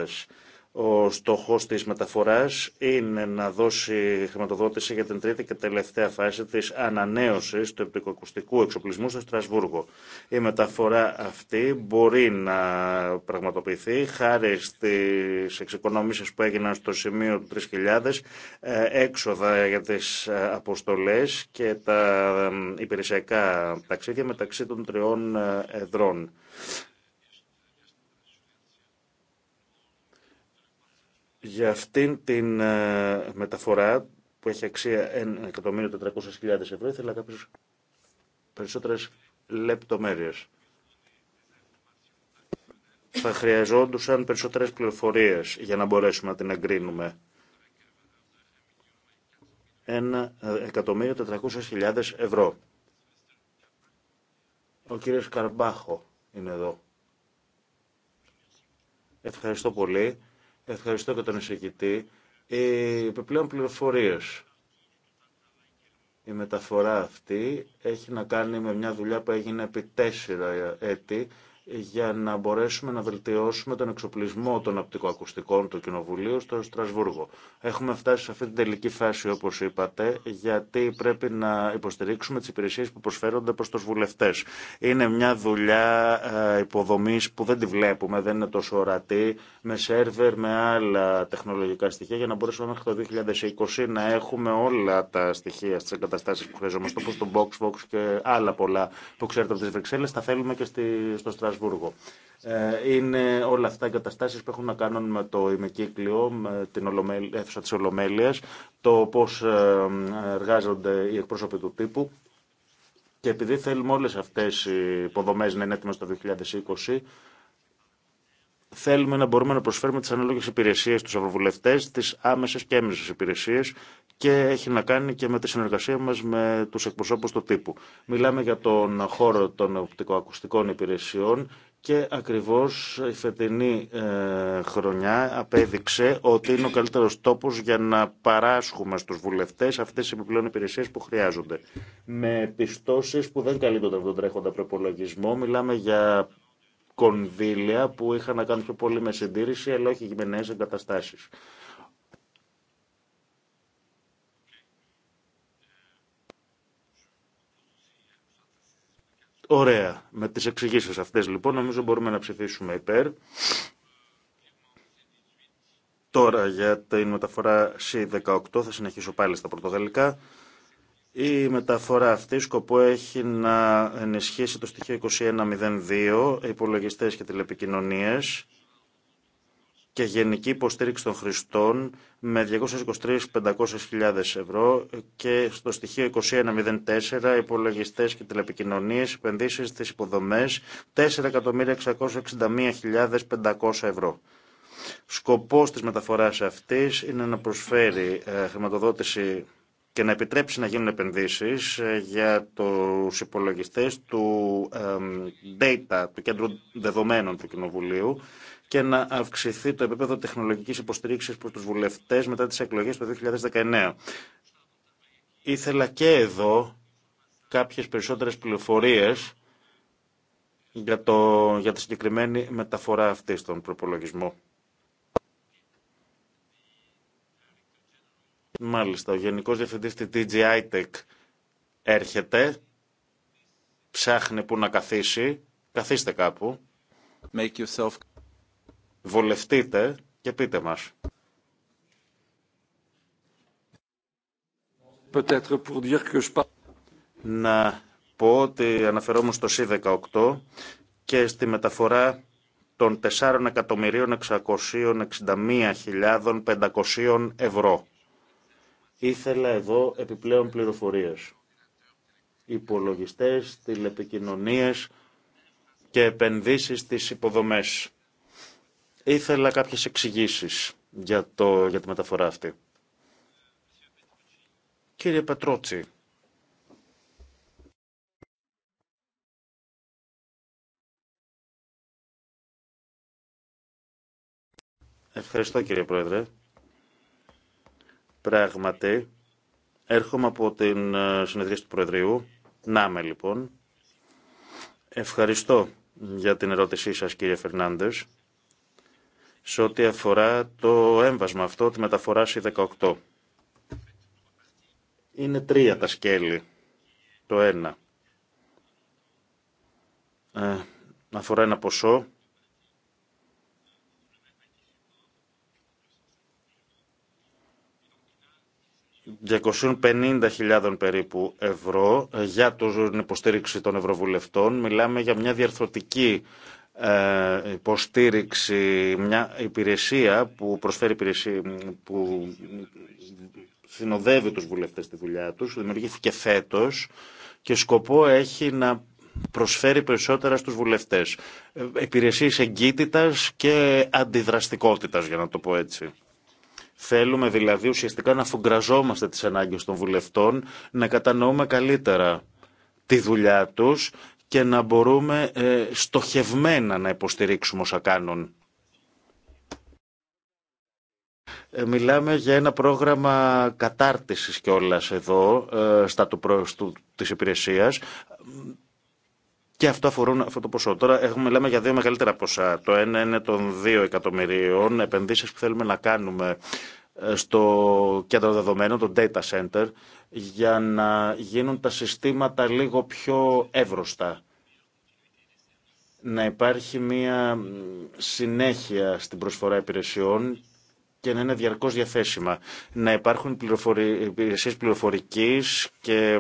Ο στόχος της μεταφοράς είναι να δώσει χρηματοδότηση για την τρίτη και τελευταία φάση της ανανέωσης του επικοκουστικού εξοπλισμού στο Στρασβούργο. Η μεταφορά αυτή μπορεί να πραγματοποιηθεί χάρη στις εξοικονομήσεις που έγιναν στο σημείο του 3000, ε, έξοδα για τις ε, αποστολές και τα ε, υπηρεσιακά ταξίδια μεταξύ των τριών εδρών. για αυτήν την ε, μεταφορά που έχει αξία 1.400.000 ευρώ ήθελα κάποιες περισσότερες λεπτομέρειες. Θα χρειαζόντουσαν περισσότερες πληροφορίες για να μπορέσουμε να την εγκρίνουμε. 1.400.000 ε, ευρώ. Ο κύριος Καρμπάχο είναι εδώ. Ευχαριστώ πολύ. Ευχαριστώ και τον εισηγητή. Η ε, επιπλέον Η μεταφορά αυτή έχει να κάνει με μια δουλειά που έγινε επί τέσσερα έτη για να μπορέσουμε να βελτιώσουμε τον εξοπλισμό των οπτικοακουστικών του Κοινοβουλίου στο Στρασβούργο. Έχουμε φτάσει σε αυτή την τελική φάση, όπω είπατε, γιατί πρέπει να υποστηρίξουμε τι υπηρεσίε που προσφέρονται προ του βουλευτέ. Είναι μια δουλειά ε, υποδομή που δεν τη βλέπουμε, δεν είναι τόσο ορατή, με σερβερ, με άλλα τεχνολογικά στοιχεία, για να μπορέσουμε μέχρι το 2020 να έχουμε όλα τα στοιχεία στι εγκαταστάσει που χρειαζόμαστε, όπω το Boxbox και άλλα πολλά που ξέρετε από τι Βρυξέλλε, τα θέλουμε και στο Στρασβούργο. Ε, είναι όλα αυτά εγκαταστάσεις που έχουν να κάνουν με το ημικύκλιο, με την αίθουσα της Ολομέλειας, το πώς ε, εργάζονται οι εκπρόσωποι του τύπου. Και επειδή θέλουμε όλες αυτές οι υποδομές να είναι έτοιμες το 2020, θέλουμε να μπορούμε να προσφέρουμε τι ανάλογε υπηρεσίε στου ευρωβουλευτέ, τι άμεσε και έμεσε υπηρεσίε και έχει να κάνει και με τη συνεργασία μα με του εκπροσώπου του τύπου. Μιλάμε για τον χώρο των οπτικοακουστικών υπηρεσιών και ακριβώ η φετινή ε, χρονιά απέδειξε ότι είναι ο καλύτερο τόπο για να παράσχουμε στου βουλευτέ αυτέ τι επιπλέον υπηρεσίε που χρειάζονται. Με πιστώσει που δεν καλύπτονται από τον τρέχοντα προπολογισμό, μιλάμε για κονδύλια που είχαν να κάνουν πιο πολύ με συντήρηση, αλλά όχι με νέε εγκαταστάσει. Ωραία. Με τις εξηγήσει αυτές λοιπόν νομίζω μπορούμε να ψηφίσουμε υπέρ. Τώρα για την μεταφορά C18 θα συνεχίσω πάλι στα πορτογαλικά. Η μεταφορά αυτή σκοπό έχει να ενισχύσει το στοιχείο 2102, υπολογιστές και τηλεπικοινωνίες και γενική υποστήριξη των χρηστών με 223.500.000 ευρώ και στο στοιχείο 2104 υπολογιστές και τηλεπικοινωνίες επενδύσεις στις υποδομές 4.661.500 ευρώ. Σκοπός της μεταφοράς αυτής είναι να προσφέρει ε, χρηματοδότηση και να επιτρέψει να γίνουν επενδύσεις ε, για τους υπολογιστές του data, του κέντρου δεδομένων του Κοινοβουλίου και να αυξηθεί το επίπεδο τεχνολογικής υποστήριξης προς τους βουλευτές μετά τις εκλογές του 2019. Ήθελα και εδώ κάποιες περισσότερες πληροφορίες για, το, για τη συγκεκριμένη μεταφορά αυτή στον προπολογισμό. Μάλιστα, ο Γενικός Διευθυντής της TGI Tech έρχεται, ψάχνει που να καθίσει, καθίστε κάπου, Make yourself... βολευτείτε και πείτε μας. Να πω ότι αναφερόμουν στο C18 και στη μεταφορά των 4.661.500 ευρώ. Ήθελα εδώ επιπλέον πληροφορίες. Υπολογιστές, τηλεπικοινωνίες και επενδύσεις στις υποδομές. Ήθελα κάποιες εξηγήσει για, το, για τη μεταφορά αυτή. Κύριε Πατρότσι, Ευχαριστώ κύριε Πρόεδρε. Πράγματι, έρχομαι από την ε, συνεδρία του Προεδρείου. Να με λοιπόν. Ευχαριστώ για την ερώτησή σας κύριε Φερνάντες σε ό,τι αφορά το έμβασμα αυτό, τη μεταφορά C18. Είναι τρία τα σκέλη. Το ένα ε, αφορά ένα ποσό 250.000 περίπου ευρώ για την υποστήριξη των ευρωβουλευτών. Μιλάμε για μια διαρθρωτική ε, υποστήριξη, μια υπηρεσία που προσφέρει υπηρεσία, που συνοδεύει τους βουλευτές στη δουλειά τους, δημιουργήθηκε φέτος και σκοπό έχει να προσφέρει περισσότερα στους βουλευτές. Ε, υπηρεσίες εγκύτητας και αντιδραστικότητας, για να το πω έτσι. Θέλουμε δηλαδή ουσιαστικά να φουγκραζόμαστε τις ανάγκες των βουλευτών, να κατανοούμε καλύτερα τη δουλειά τους και να μπορούμε ε, στοχευμένα να υποστηρίξουμε όσα κάνουν. Ε, μιλάμε για ένα πρόγραμμα κατάρτισης κιόλας εδώ, ε, στα του, πρόεδρου της υπηρεσίας, και αυτό αφορούν αυτό το ποσό. Τώρα έχουμε, λέμε για δύο μεγαλύτερα ποσά. Το ένα είναι των 2 εκατομμυρίων επενδύσεις που θέλουμε να κάνουμε ε, στο κέντρο δεδομένων, το data center, για να γίνουν τα συστήματα λίγο πιο εύρωστα. Να υπάρχει μια συνέχεια στην προσφορά υπηρεσιών και να είναι διαρκώς διαθέσιμα. Να υπάρχουν πληροφορι... υπηρεσίες πληροφορικής και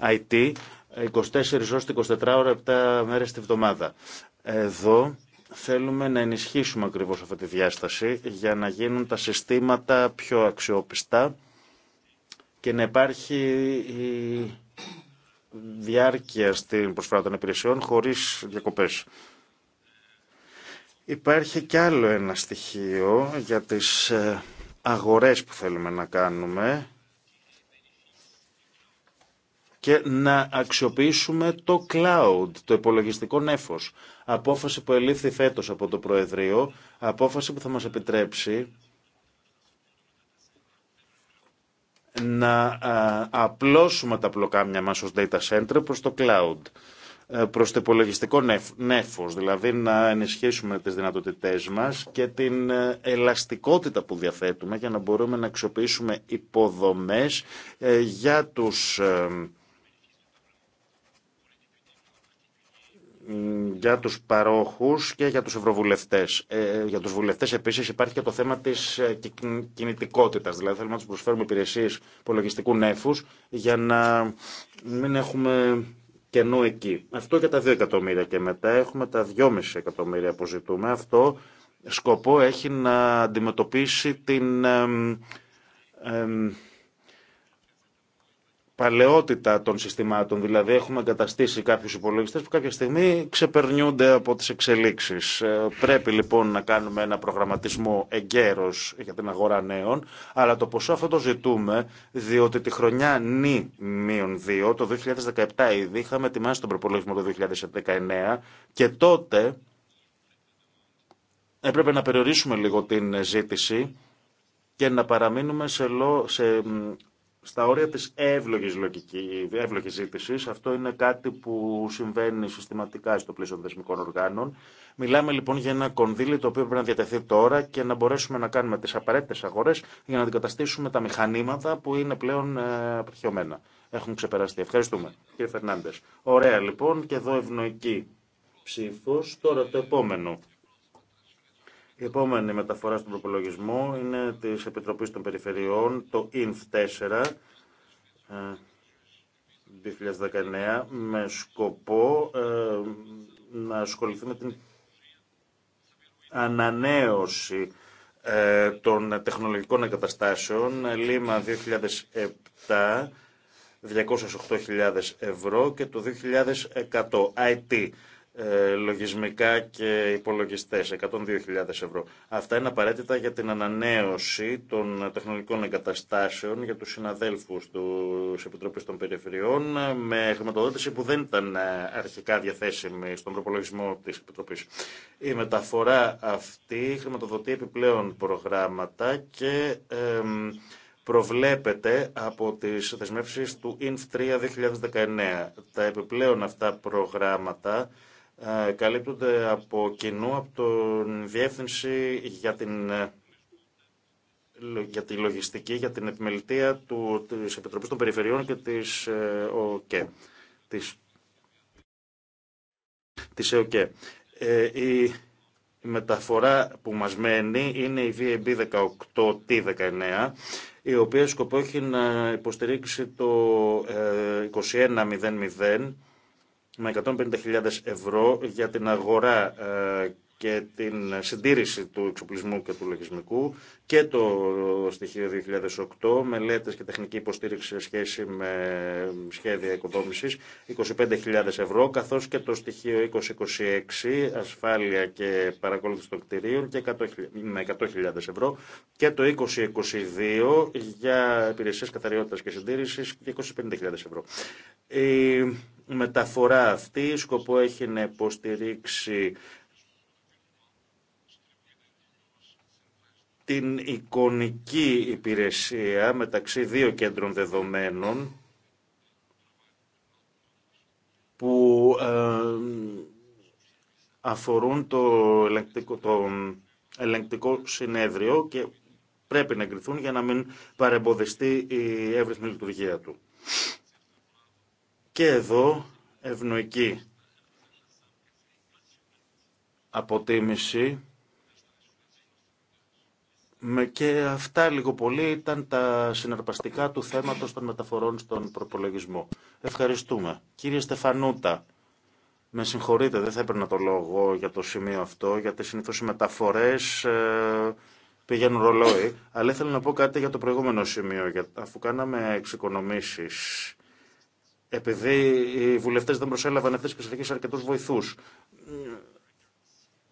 IT 24 ώρες, 24 ώρα, 7 μέρες τη βδομάδα. Εδώ θέλουμε να ενισχύσουμε ακριβώς αυτή τη διάσταση για να γίνουν τα συστήματα πιο αξιόπιστα και να υπάρχει η διάρκεια στην προσφορά των υπηρεσιών χωρίς διακοπές. Υπάρχει κι άλλο ένα στοιχείο για τις ε, αγορές που θέλουμε να κάνουμε και να αξιοποιήσουμε το cloud, το υπολογιστικό νέφος. Απόφαση που ελήφθη φέτος από το Προεδρείο, απόφαση που θα μας επιτρέψει να απλώσουμε τα πλοκάμια μας ως data center προς το cloud, ε, προς το υπολογιστικό νέφος, δηλαδή να ενισχύσουμε τις δυνατότητές μας και την ε, ελαστικότητα που διαθέτουμε για να μπορούμε να αξιοποιήσουμε υποδομές ε, για τους για τους παρόχους και για τους ευρωβουλευτές. Ε, ε, για τους βουλευτές επίσης υπάρχει και το θέμα της ε, κινητικότητας, δηλαδή θέλουμε να τους προσφέρουμε υπηρεσίες υπολογιστικού νέφους για να μην έχουμε κενό εκεί. Αυτό για τα 2 εκατομμύρια και μετά έχουμε τα 2,5 εκατομμύρια που ζητούμε. Αυτό σκοπό έχει να αντιμετωπίσει την παλαιότητα των συστημάτων. Δηλαδή έχουμε εγκαταστήσει κάποιου υπολογιστέ που κάποια στιγμή ξεπερνιούνται από τις εξελίξεις. Ε, πρέπει λοιπόν να κάνουμε ένα προγραμματισμό εγκαίρος για την αγορά νέων, αλλά το ποσό αυτό το ζητούμε διότι τη χρονιά νη 2, το 2017 ήδη είχαμε ετοιμάσει τον προπολογισμό το 2019 και τότε έπρεπε να περιορίσουμε λίγο την ζήτηση και να παραμείνουμε σε, σε στα όρια της εύλογης, ζήτησης. Αυτό είναι κάτι που συμβαίνει συστηματικά στο πλαίσιο των δεσμικών οργάνων. Μιλάμε λοιπόν για ένα κονδύλι το οποίο πρέπει να διατεθεί τώρα και να μπορέσουμε να κάνουμε τις απαραίτητες αγορές για να αντικαταστήσουμε τα μηχανήματα που είναι πλέον ε, απερχιωμένα. Έχουν ξεπεραστεί. Ευχαριστούμε κύριε Φερνάντες. Ωραία λοιπόν και εδώ ευνοϊκή ψήφος. Τώρα το επόμενο. Η επόμενη μεταφορά στον προπολογισμό είναι τη Επιτροπής των Περιφερειών, το ΙΝΦ4. 2019 ε, με σκοπό ε, να ασχοληθεί με την ανανέωση ε, των τεχνολογικών εγκαταστάσεων Λίμα 2007 208.000 ευρώ και το 2100 IT ε, λογισμικά και υπολογιστές, 102.000 ευρώ. Αυτά είναι απαραίτητα για την ανανέωση των τεχνολογικών εγκαταστάσεων για τους συναδέλφους του Επιτροπής των Περιφερειών με χρηματοδότηση που δεν ήταν ε, αρχικά διαθέσιμη στον προπολογισμό της Επιτροπής. Η μεταφορά αυτή χρηματοδοτεί επιπλέον προγράμματα και προβλέπεται από τις δεσμεύσεις του INF3 2019. Τα επιπλέον αυτά προγράμματα ε, καλύπτονται από κοινού από τον Διεύθυνση για την ε, για τη λογιστική, για την επιμελητία του, της Επιτροπής των Περιφερειών και της ε, Της, της ΕΟΚΕ. η, μεταφορά που μας μένει είναι η VAB 18T19, η οποία σκοπό έχει να υποστηρίξει το ε, 2100 με 150.000 ευρώ για την αγορά ε, και την συντήρηση του εξοπλισμού και του λογισμικού και το στοιχείο 2008, μελέτες και τεχνική υποστήριξη σε σχέση με σχέδια οικοδόμησης, 25.000 ευρώ, καθώς και το στοιχείο 2026, ασφάλεια και παρακολούθηση των κτηρίων και με 100.000 ευρώ και το 2022 για υπηρεσίες καθαριότητας και συντήρησης 25.000 ευρώ. Η μεταφορά αυτή σκοπό έχει να υποστηρίξει την εικονική υπηρεσία μεταξύ δύο κέντρων δεδομένων που ε, αφορούν το ελεγκτικό, το ελεγκτικό συνέδριο και πρέπει να εγκριθούν για να μην παρεμποδιστεί η εύρυθμη λειτουργία του. Και εδώ ευνοϊκή αποτίμηση και αυτά λίγο πολύ ήταν τα συναρπαστικά του θέματος των μεταφορών στον προπολογισμό. Ευχαριστούμε. Κύριε Στεφανούτα, με συγχωρείτε, δεν θα έπαιρνα το λόγο για το σημείο αυτό, γιατί συνήθω οι μεταφορές ε, πηγαίνουν ρολόι, αλλά ήθελα να πω κάτι για το προηγούμενο σημείο, για, αφού κάναμε εξοικονομήσεις. Επειδή οι βουλευτές δεν προσέλαβαν αυτές τις αρκετούς βοηθούς,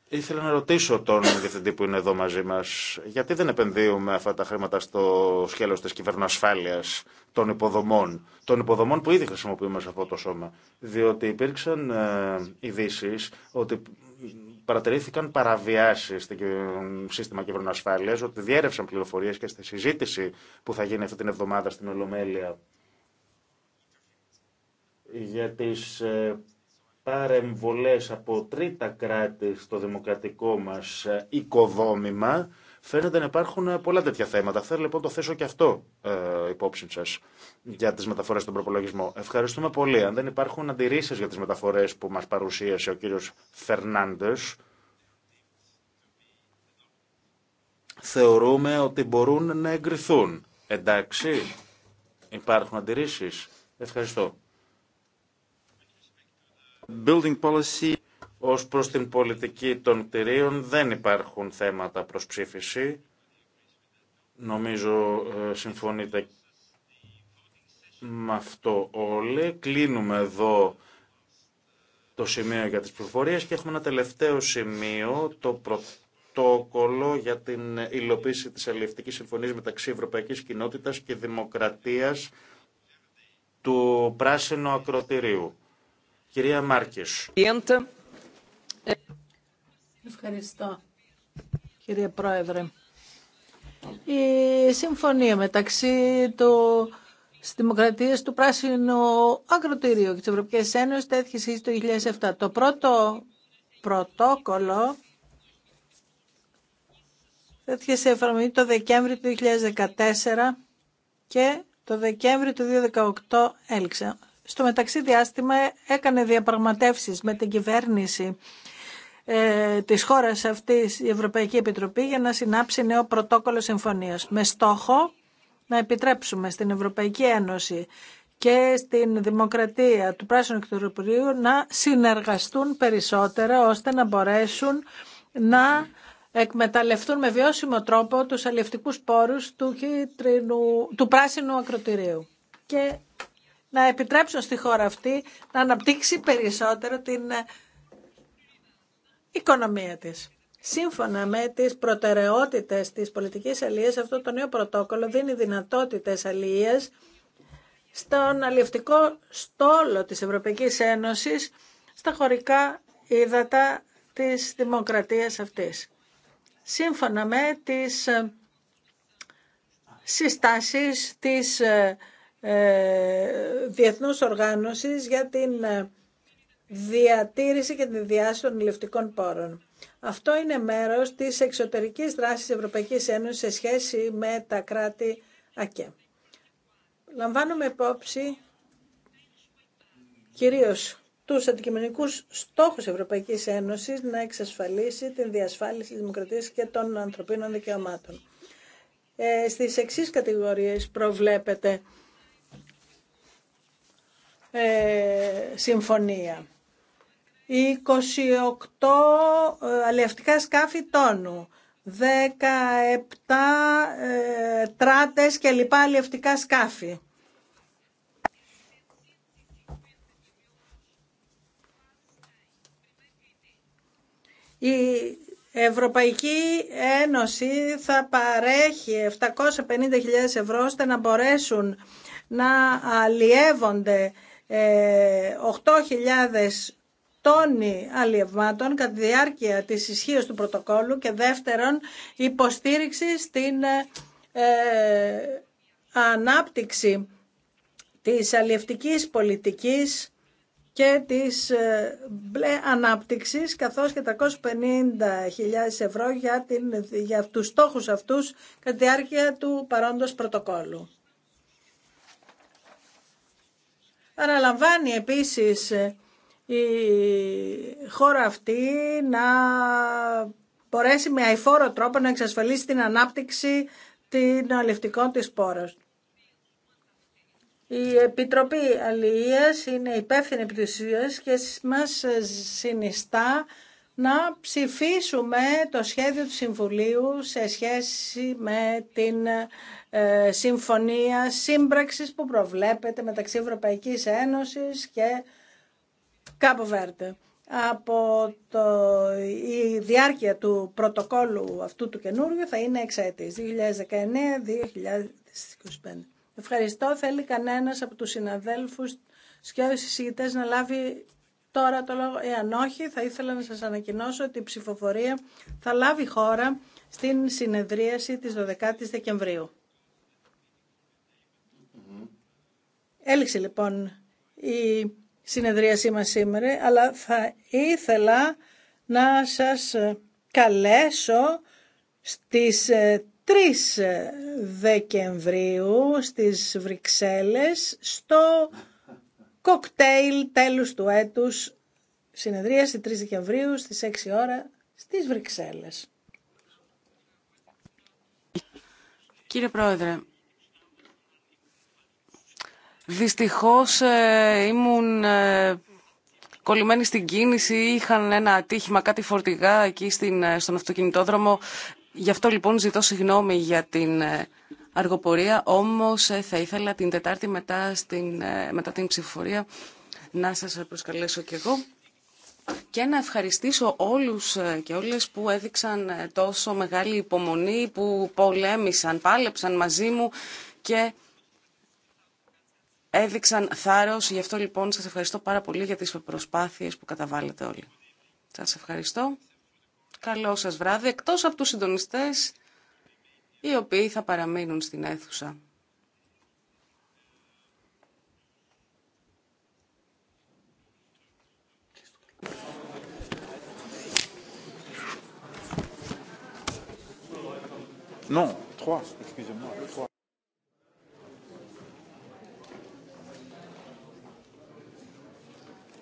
Ήθελα να ρωτήσω τον διευθυντή που είναι εδώ μαζί μα, γιατί δεν επενδύουμε αυτά τα χρήματα στο σχέλο τη κυβερνοασφάλεια των υποδομών, των υποδομών που ήδη χρησιμοποιούμε σε αυτό το σώμα. Διότι υπήρξαν ε, ειδήσει ότι παρατηρήθηκαν παραβιάσει στο σύστημα κυβερνοασφάλεια, ότι διέρευσαν πληροφορίε και στη συζήτηση που θα γίνει αυτή την εβδομάδα στην Ολομέλεια για τις ε, παρεμβολές από τρίτα κράτη στο δημοκρατικό μας ε, οικοδόμημα, φαίνεται να υπάρχουν ε, πολλά τέτοια θέματα. Θέλω λοιπόν το θέσω και αυτό ε, υπόψη σας, για τις μεταφορές στον προπολογισμό. Ευχαριστούμε πολύ. Αν δεν υπάρχουν αντιρρήσεις για τις μεταφορές που μας παρουσίασε ο κύριος Φερνάντε, θεωρούμε ότι μπορούν να εγκριθούν. Εντάξει, υπάρχουν αντιρρήσεις. Ευχαριστώ. Building policy. Ως προς την πολιτική των κτηρίων δεν υπάρχουν θέματα προς ψήφιση. Νομίζω ε, συμφωνείτε με αυτό όλοι. Κλείνουμε εδώ το σημείο για τις προφορίες και έχουμε ένα τελευταίο σημείο, το πρωτόκολλο για την υλοποίηση της αλληλευτικής συμφωνίας μεταξύ Ευρωπαϊκής Κοινότητας και Δημοκρατίας του Πράσινου Ακροτηρίου. Κυρία Ευχαριστώ, κύριε Πρόεδρε. Η συμφωνία μεταξύ του στις του Πράσινου Αγροτηρίου και της Ευρωπαϊκής Ένωσης τέθηκε στι το 2007. Το πρώτο πρωτόκολλο τέθηκε σε εφαρμογή το Δεκέμβρη του 2014 και το Δεκέμβρη του 2018 έλξε στο μεταξύ διάστημα έκανε διαπραγματεύσεις με την κυβέρνηση ε, της χώρας αυτής η Ευρωπαϊκή Επιτροπή για να συνάψει νέο πρωτόκολλο συμφωνίας με στόχο να επιτρέψουμε στην Ευρωπαϊκή Ένωση και στην δημοκρατία του Πράσινου Ακροτηρίου να συνεργαστούν περισσότερα ώστε να μπορέσουν να εκμεταλλευτούν με βιώσιμο τρόπο τους αλληλευτικούς πόρους του, του πράσινου ακροτηρίου να επιτρέψουν στη χώρα αυτή να αναπτύξει περισσότερο την ε, οικονομία της. Σύμφωνα με τις προτεραιότητες της πολιτικής αλληλείας, αυτό το νέο πρωτόκολλο δίνει δυνατότητες αλληλείας στον αλληλευτικό στόλο της Ευρωπαϊκής Ένωσης στα χωρικά ύδατα της δημοκρατίας αυτής. Σύμφωνα με τις ε, συστάσεις της ε, ε, διεθνούς οργάνωσης για την ε, διατήρηση και τη διάση των ηλεκτρικών πόρων. Αυτό είναι μέρος της εξωτερικής δράσης της Ευρωπαϊκής Ένωσης σε σχέση με τα κράτη ΑΚΕ. Λαμβάνουμε υπόψη κυρίως τους αντικειμενικούς στόχους Ευρωπαϊκής Ένωσης να εξασφαλίσει την διασφάλιση της δημοκρατίας και των ανθρωπίνων δικαιωμάτων. Ε, στις εξής κατηγορίες προβλέπεται ε, συμφωνία. 28 ε, αλευτικά σκάφη τόνου, 17 ε, τράτες και λοιπά αλευτικά σκάφη. Η Ευρωπαϊκή Ένωση θα παρέχει 750.000 ευρώ ώστε να μπορέσουν να αλλιεύονται 8.000 ε, τόνοι αλλιευμάτων κατά τη διάρκεια της ισχύω του πρωτοκόλλου και δεύτερον υποστήριξη στην ε, ε ανάπτυξη της αλλιευτικής πολιτικής και της ε, μπλε ανάπτυξης καθώς και 350.000 ευρώ για, την, για τους στόχους αυτούς κατά τη διάρκεια του παρόντος πρωτοκόλλου. Αναλαμβάνει επίσης ε, η χώρα αυτή να μπορέσει με αηφόρο τρόπο να εξασφαλίσει την ανάπτυξη των αλληλευτικών της πόρας. Η Επιτροπή Αλληλείας είναι υπεύθυνη επί και μας συνιστά να ψηφίσουμε το σχέδιο του Συμβουλίου σε σχέση με την ε, συμφωνία σύμπραξης που προβλέπεται μεταξύ Ευρωπαϊκής Ένωσης και Κάπο Βέρτε. Από το, η διάρκεια του πρωτοκόλου αυτού του καινούργιου θα είναι εξαίτης 2019-2025. Ευχαριστώ. Θέλει κανένας από τους συναδέλφους και τους να λάβει τώρα το λόγο. Εάν όχι, θα ήθελα να σας ανακοινώσω ότι η ψηφοφορία θα λάβει χώρα στην συνεδρίαση της 12ης Δεκεμβρίου. Έληξε λοιπόν η συνεδρίασή μας σήμερα, αλλά θα ήθελα να σας ε, καλέσω στις 3 ε, ε, Δεκεμβρίου στις Βρυξέλλες στο κοκτέιλ τέλους του έτους συνεδρίαση 3 Δεκεμβρίου στις 6 ώρα στις Βρυξέλλες. Κύριε Πρόεδρε, Δυστυχώς ε, ήμουν ε, κολλημένη στην κίνηση, είχαν ένα ατύχημα, κάτι φορτηγά εκεί στην, ε, στον αυτοκινητόδρομο. Γι' αυτό λοιπόν ζητώ συγγνώμη για την αργοπορία, όμως θα ήθελα την Τετάρτη μετά, στην, μετά την ψηφοφορία να σας προσκαλέσω κι εγώ και να ευχαριστήσω όλους και όλες που έδειξαν τόσο μεγάλη υπομονή, που πολέμησαν, πάλεψαν μαζί μου και έδειξαν θάρρος. Γι' αυτό λοιπόν σας ευχαριστώ πάρα πολύ για τις προσπάθειες που καταβάλλετε όλοι. Σα ευχαριστώ. Καλό σα βράδυ, εκτός από τους συντονιστέ οι οποίοι θα παραμείνουν στην αίθουσα. Non, excusez-moi,